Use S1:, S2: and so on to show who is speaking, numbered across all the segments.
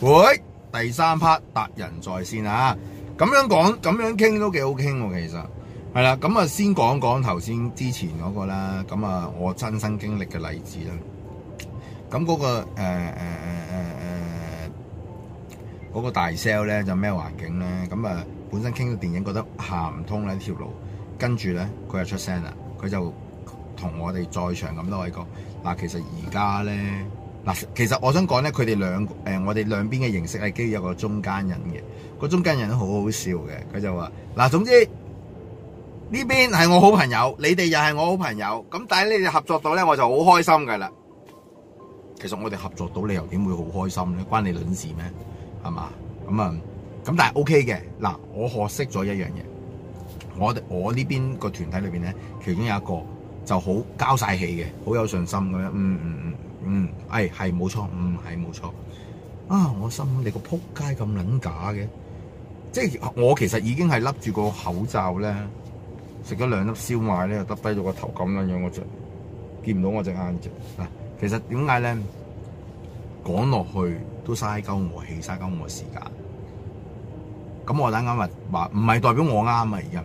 S1: 喂，第三 part 達仁在線啊，咁樣講咁樣傾都幾好傾喎，其實係啦，咁啊先講講頭先之前嗰個啦，咁啊我親身經歷嘅例子啦，咁嗰個誒誒誒誒誒，嗰個大 sell 咧就咩環境咧，咁啊本身傾到電影覺得行唔通啦呢條路，跟住咧佢就出聲啦，佢就同我哋在場咁多位講，嗱其實而家咧。嗱，其實我想講咧，佢哋兩誒，我哋兩邊嘅形式係基於有個中間人嘅，個中間人都好好笑嘅，佢就話：嗱，總之呢邊係我好朋友，你哋又係我好朋友，咁但係你哋合作到咧，我就好開心噶啦。其實我哋合作到，你又點會好開心咧？關你卵事咩？係嘛？咁、嗯、啊，咁但係 O K 嘅。嗱，我學識咗一樣嘢，我我呢邊個團體裏邊咧，其中有一個就好交晒氣嘅，好有信心咁樣，嗯嗯嗯。嗯，係係冇錯，嗯係冇錯。啊，我心諗你個撲街咁撚假嘅，即係我其實已經係笠住個口罩咧，食咗兩粒燒賣咧，就耷低咗個頭咁樣樣，我着，見唔到我隻眼啫。嗱、啊，其實點解咧，講落去都嘥鳩我氣，嘥鳩我時間。咁我等啱話話唔係代表我啱啊，而家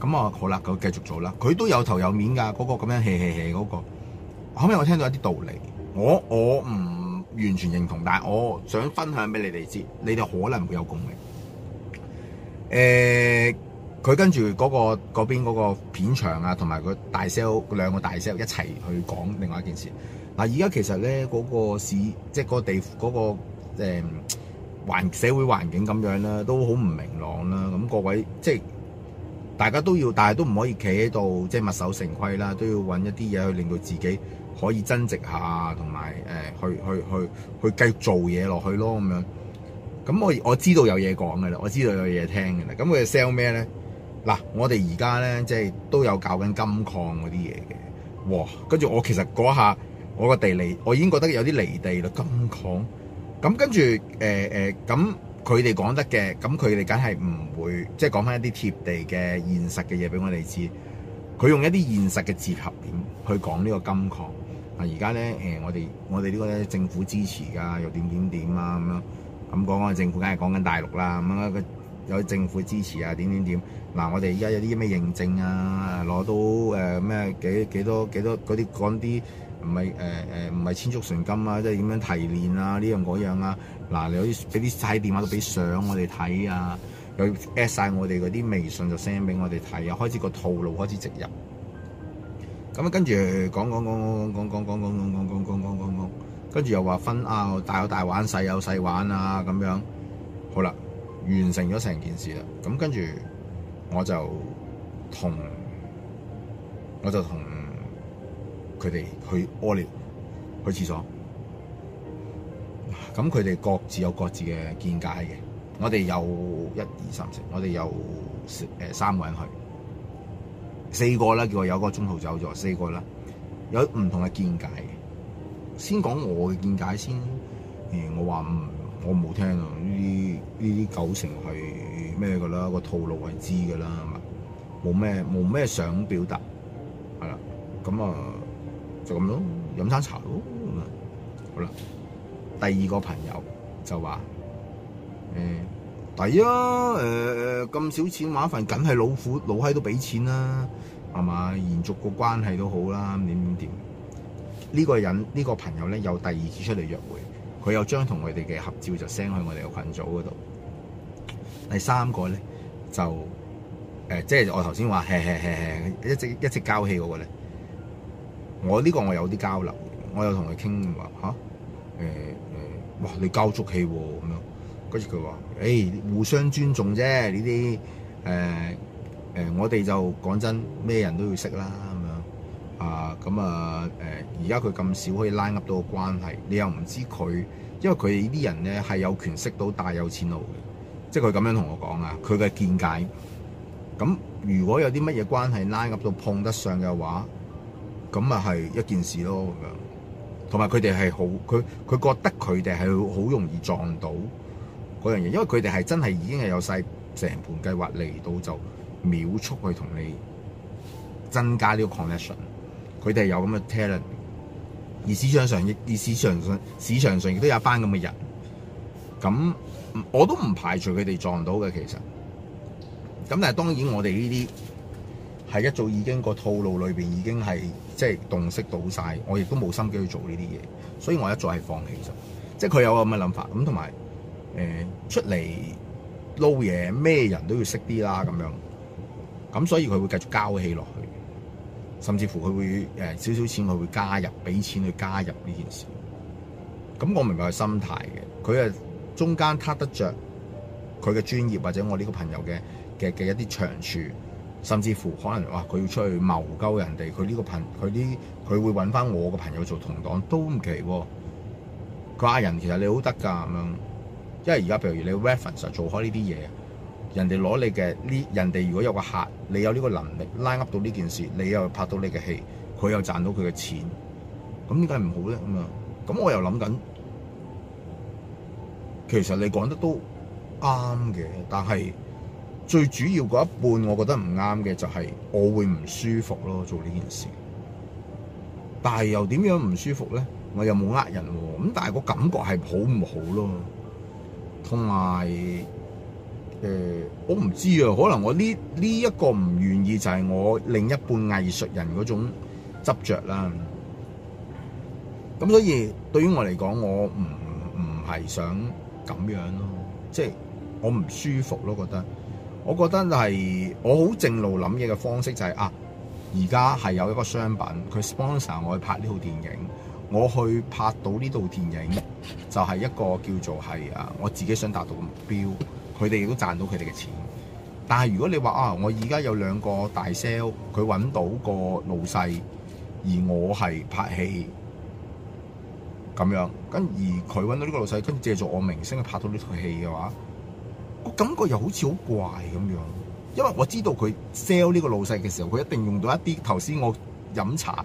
S1: 咁啊好啦，佢繼續做啦。佢都有頭有面㗎，嗰、嗰個咁樣 hea hea 嗰個，後尾我聽到一啲道理。我我唔完全認同，但係我想分享俾你哋知，你哋可能會有共鳴。誒、呃，佢跟住嗰、那個嗰片場啊，同埋佢大 sell 兩個大 sell 一齊去講另外一件事。嗱，而家其實咧嗰、那個市，即係嗰個地嗰、那個誒、呃、社會環境咁樣啦、啊，都好唔明朗啦、啊。咁各位即係大家都要，但係都唔可以企喺度即係墨守成規啦，都要搵一啲嘢去令到自己。可以增值下，同埋誒去去去去，去繼續做嘢落去咯咁樣。咁我我知道有嘢講嘅啦，我知道有嘢聽嘅啦。咁佢哋 sell 咩咧？嗱，我哋而家咧即係都有搞緊金礦嗰啲嘢嘅。哇！跟住我其實嗰下我個地理，我已經覺得有啲離地啦金礦。咁跟住誒誒，咁佢哋講得嘅，咁佢哋梗係唔會即係講翻一啲貼地嘅現實嘅嘢俾我哋知。佢用一啲現實嘅結合點去講呢個金礦啊！而家咧誒，我哋我哋呢個咧政府支持㗎，又點點點啊，咁樣咁講，我哋政府梗係講緊大陸啦，咁樣嘅有啲政府支持啊點點點。嗱，我哋而家有啲咩認證啊攞到，誒咩、呃、幾幾多幾多嗰啲，講啲唔係誒誒唔係千足純金啊，即係點樣提煉啊呢樣嗰樣，樣啊。嗱，你可以俾啲喺電話度俾相我哋睇啊。佢 at 曬我哋嗰啲微信就 send 俾我哋睇，又開始個套路開始植入。咁啊，跟住講講講講講講講講講講講講講講講，跟住又話分啊大有大玩，細有細玩啊咁樣。好啦，完成咗成件事啦。咁跟住我就同我就同佢哋去屙尿，去廁所。咁佢哋各自有各自嘅見解嘅。我哋又一二三成，我哋又誒三個人去，四個啦，叫我有個中途走咗，四個啦，有唔同嘅見解。先講我嘅見解先，誒我話唔，我冇聽啊，呢啲呢啲九成係咩㗎啦？個套路係知㗎啦，係嘛？冇咩冇咩想表達，係啦，咁啊就咁咯，飲餐茶咯，好啦。第二個朋友就話。誒，抵啊、哎！誒、呃、誒，咁少錢玩份，梗係老虎老閪都俾錢啦，係嘛？延續個關係都好啦，點點點。呢、這個人呢、這個朋友咧，有第二次出嚟約會，佢又將同佢哋嘅合照就 send 去我哋個群組嗰度。第三個咧就誒、呃，即係我頭先話，係係係係一直一直交戲嗰個咧。我呢個我有啲交流，我有同佢傾話吓，誒誒，哇、啊呃，你交足戲咁、啊、樣。跟住佢話，誒、欸、互相尊重啫。呢啲誒誒，我哋就講真咩人都要識啦，咁樣啊。咁啊誒，而家佢咁少可以拉噏到個關係，你又唔知佢，因為佢呢啲人咧係有權識到大有錢佬嘅，即係佢咁樣同我講啊。佢嘅見解咁，如果有啲乜嘢關係拉噏到碰得上嘅話，咁啊係一件事咯。咁樣同埋佢哋係好佢佢覺得佢哋係好容易撞到嗰樣嘢，因為佢哋係真係已經係有晒成盤計劃嚟到，就秒速去同你增加呢個 connection。佢哋有咁嘅 talent，而市場上亦而市場上市場上亦都有班咁嘅人，咁我都唔排除佢哋撞到嘅。其實咁，但係當然我哋呢啲係一早已經個套路裏邊已經係即係洞悉到晒。我亦都冇心機去做呢啲嘢，所以我一早係放棄咗。即係佢有咁嘅諗法咁，同埋。誒出嚟撈嘢，咩人都要識啲啦，咁樣咁所以佢會繼續交起落去，甚至乎佢會誒少少錢，佢會加入，俾錢去加入呢件事。咁我明白佢心態嘅，佢係中間撻得着佢嘅專業或者我呢個朋友嘅嘅嘅一啲長處，甚至乎可能哇，佢要出去謀鳩人哋，佢呢、呢個朋佢啲佢會揾翻我個朋友做同黨都唔奇喎、哦。佢話人其實你好得㗎咁樣。因為而家，譬如你 reference 做開呢啲嘢，人哋攞你嘅呢人哋。如果有個客，你有呢個能力拉 up 到呢件事，你又拍到你嘅戲，佢又賺到佢嘅錢，咁點解唔好咧？咁啊，咁我又諗緊，其實你講得都啱嘅，但係最主要嗰一半，我覺得唔啱嘅就係、是、我會唔舒服咯。做呢件事，但係又點樣唔舒服咧？我又冇呃人喎，咁但係個感覺係好唔好咯？同埋誒，我唔知啊，可能我呢呢一個唔願意就係我另一半藝術人嗰種執著啦。咁所以對於我嚟講，我唔唔係想咁樣咯，即係我唔舒服咯，覺得我覺得係我好正路諗嘢嘅方式就係啊，而家係有一個商品佢 sponsor 我去拍呢套電影。我去拍到呢套電影，就係、是、一個叫做係啊，我自己想達到嘅目標。佢哋亦都賺到佢哋嘅錢。但係如果你話啊，我而家有兩個大 sell，佢揾到個老細，而我係拍戲咁樣，跟而佢揾到呢個老細，跟住借助我明星去拍到呢套戲嘅話，個感覺又好似好怪咁樣。因為我知道佢 sell 呢個老細嘅時候，佢一定用到一啲頭先我飲茶。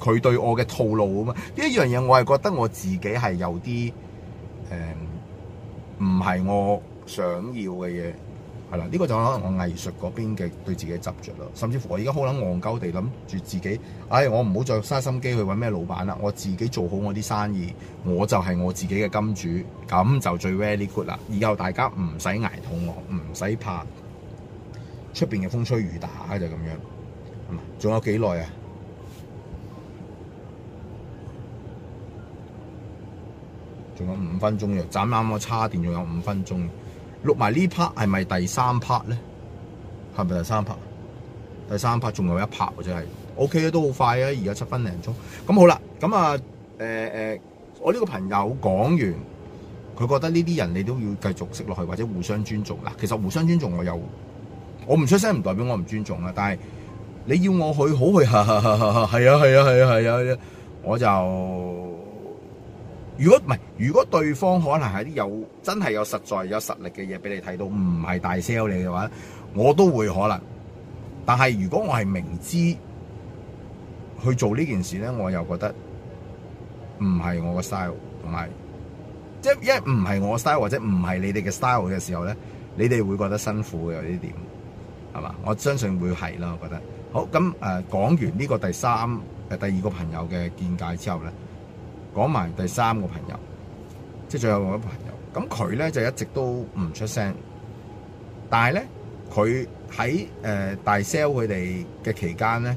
S1: 佢對我嘅套路啊嘛，呢一樣嘢我係覺得我自己係有啲誒，唔係我想要嘅嘢係啦。呢個就可能我藝術嗰邊嘅對自己執着啦。甚至乎我而家好撚戇鳩地諗住自己，唉，我唔好再嘥心機去揾咩老闆啦，我自己做好我啲生意，我就係我自己嘅金主，咁就最 very good 啦。以後大家唔使捱痛，我唔使怕出邊嘅風吹雨打就咁樣。仲有幾耐啊？仲有五分鐘嘅，斬啱我叉電，仲有五分鐘錄埋呢 part 係咪第三 part 咧？係咪第三 part？第三 part 仲有一 part 喎，真係 OK 咧，都好快啊！而家七分零鐘，咁好啦，咁啊，誒、呃、誒、呃，我呢個朋友講完，佢覺得呢啲人你都要繼續識落去，或者互相尊重嗱。其實互相尊重我又，我唔出聲唔代表我唔尊重啊。但係你要我去好去，係啊係啊係啊係啊，啊，啊，我就。如果唔係，如果對方可能係啲有真係有實在有實力嘅嘢俾你睇到，唔係大 sell 你嘅話，我都會可能。但係如果我係明知去做呢件事咧，我又覺得唔係我嘅 style，同埋即係一唔係我 style 或者唔係你哋嘅 style 嘅時候咧，你哋會覺得辛苦嘅有啲點係嘛？我相信會係咯，我覺得。好咁，誒、呃，講完呢個第三誒、呃、第二個朋友嘅見解之後咧。講埋第三個朋友，即係最後一個朋友。咁佢咧就一直都唔出聲，但係咧佢喺誒大 sell 佢哋嘅期間咧，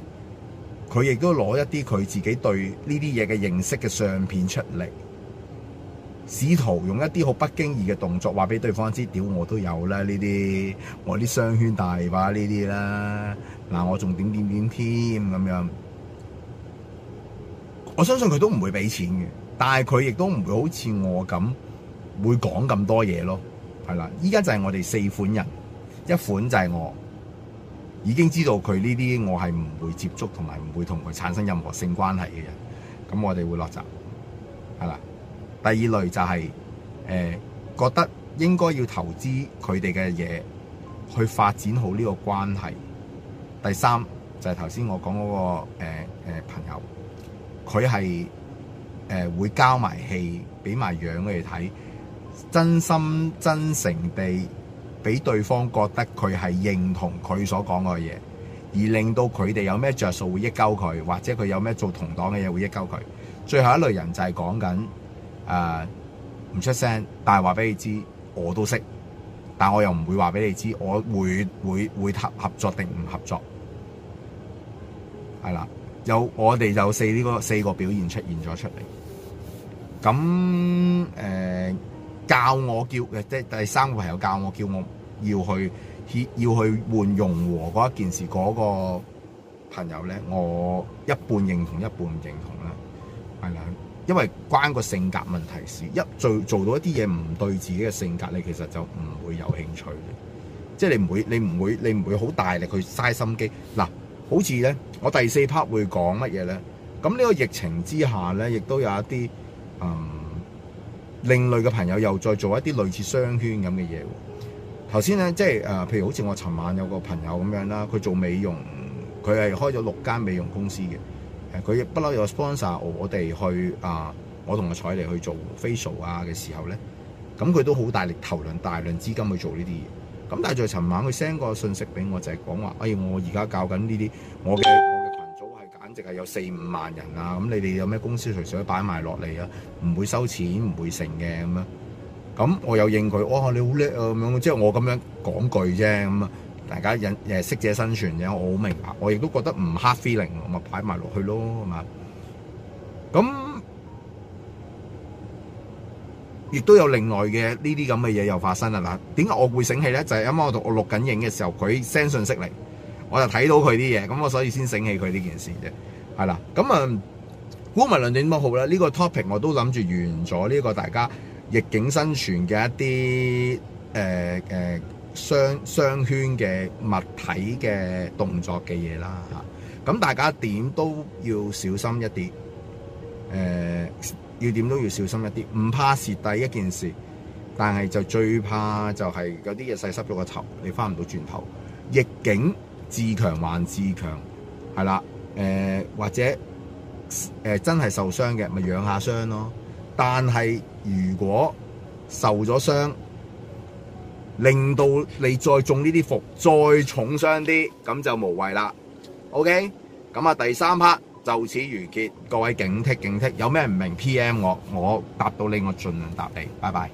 S1: 佢亦都攞一啲佢自己對呢啲嘢嘅認識嘅相片出嚟，試圖用一啲好不經意嘅動作話俾對方知，屌我都有啦呢啲，我啲商圈大把呢啲啦，嗱我仲點點點添咁樣。我相信佢都唔會俾錢嘅，但係佢亦都唔會好似我咁會講咁多嘢咯，係啦。依家就係我哋四款人，一款就係我已經知道佢呢啲，我係唔會接觸同埋唔會同佢產生任何性關係嘅人，咁我哋會落閘，係啦。第二類就係、是、誒、呃、覺得應該要投資佢哋嘅嘢去發展好呢個關係。第三就係頭先我講嗰、那個誒、呃呃、朋友。佢係誒會交埋戲，俾埋樣佢哋睇，真心真誠地俾對方覺得佢係認同佢所講嘅嘢，而令到佢哋有咩着數會益鳩佢，或者佢有咩做同黨嘅嘢會益鳩佢。最後一類人就係講緊誒唔出聲，但係話俾你知我都識，但我又唔會話俾你知，我會會會合合作定唔合作？係啦。有我哋有四呢個四個表現出現咗出嚟，咁誒、呃、教我叫嘅即係第三個朋友教我叫我要去去要去換融和嗰一件事嗰、嗰個朋友咧，我一半認同，一半唔認同啦，係啦，因為關個性格問題事，一做做到一啲嘢唔對自己嘅性格，你其實就唔會有興趣，即係你唔會你唔會你唔會好大力去嘥心機嗱。好似咧，我第四 part 會講乜嘢咧？咁呢個疫情之下咧，亦都有一啲嗯另類嘅朋友又再做一啲類似商圈咁嘅嘢。頭先咧，即係誒，譬如好似我尋晚有個朋友咁樣啦，佢做美容，佢係開咗六間美容公司嘅。誒，佢亦不嬲有 sponsor 我哋去啊，我同阿彩嚟去做 facial 啊嘅時候咧，咁佢都好大力投入大量資金去做呢啲嘢。咁但係就尋晚佢 send 個信息俾我，就係講話，哎，我而家教緊呢啲，我嘅我嘅羣組係簡直係有四五萬人啊！咁你哋有咩公司隨時都擺埋落嚟啊，唔會收錢，唔會剩嘅咁樣。咁我又應佢，哦，你好叻啊咁樣，即係我咁樣講句啫咁啊，大家引誒適者生存啫，我好明白，我亦都覺得唔 hard feeling，我咪擺埋落去咯，係嘛？咁。亦都有另外嘅呢啲咁嘅嘢又發生啦，嗱，點解我會醒起咧？就係、是、因為我讀我錄緊影嘅時候，佢 send 信息嚟，我就睇到佢啲嘢，咁我所以先醒起佢呢件事啫，係啦。咁啊，烏民論點都好啦，呢、這個 topic 我都諗住完咗呢個大家逆境生存嘅一啲誒誒商商圈嘅物體嘅動作嘅嘢啦嚇，咁大家點都要小心一啲誒。呃要點都要小心一啲，唔怕蝕第一件事，但係就最怕就係有啲嘢洗濕咗個頭，你翻唔到轉頭。逆境自強還自強，係啦，誒、呃、或者誒、呃、真係受傷嘅咪養下傷咯。但係如果受咗傷，令到你再中呢啲伏，再重傷啲，咁就無謂啦。OK，咁啊第三 part。就此完結，各位警惕警惕，有咩唔明 PM 我，我答到你，我盡量答你，拜拜。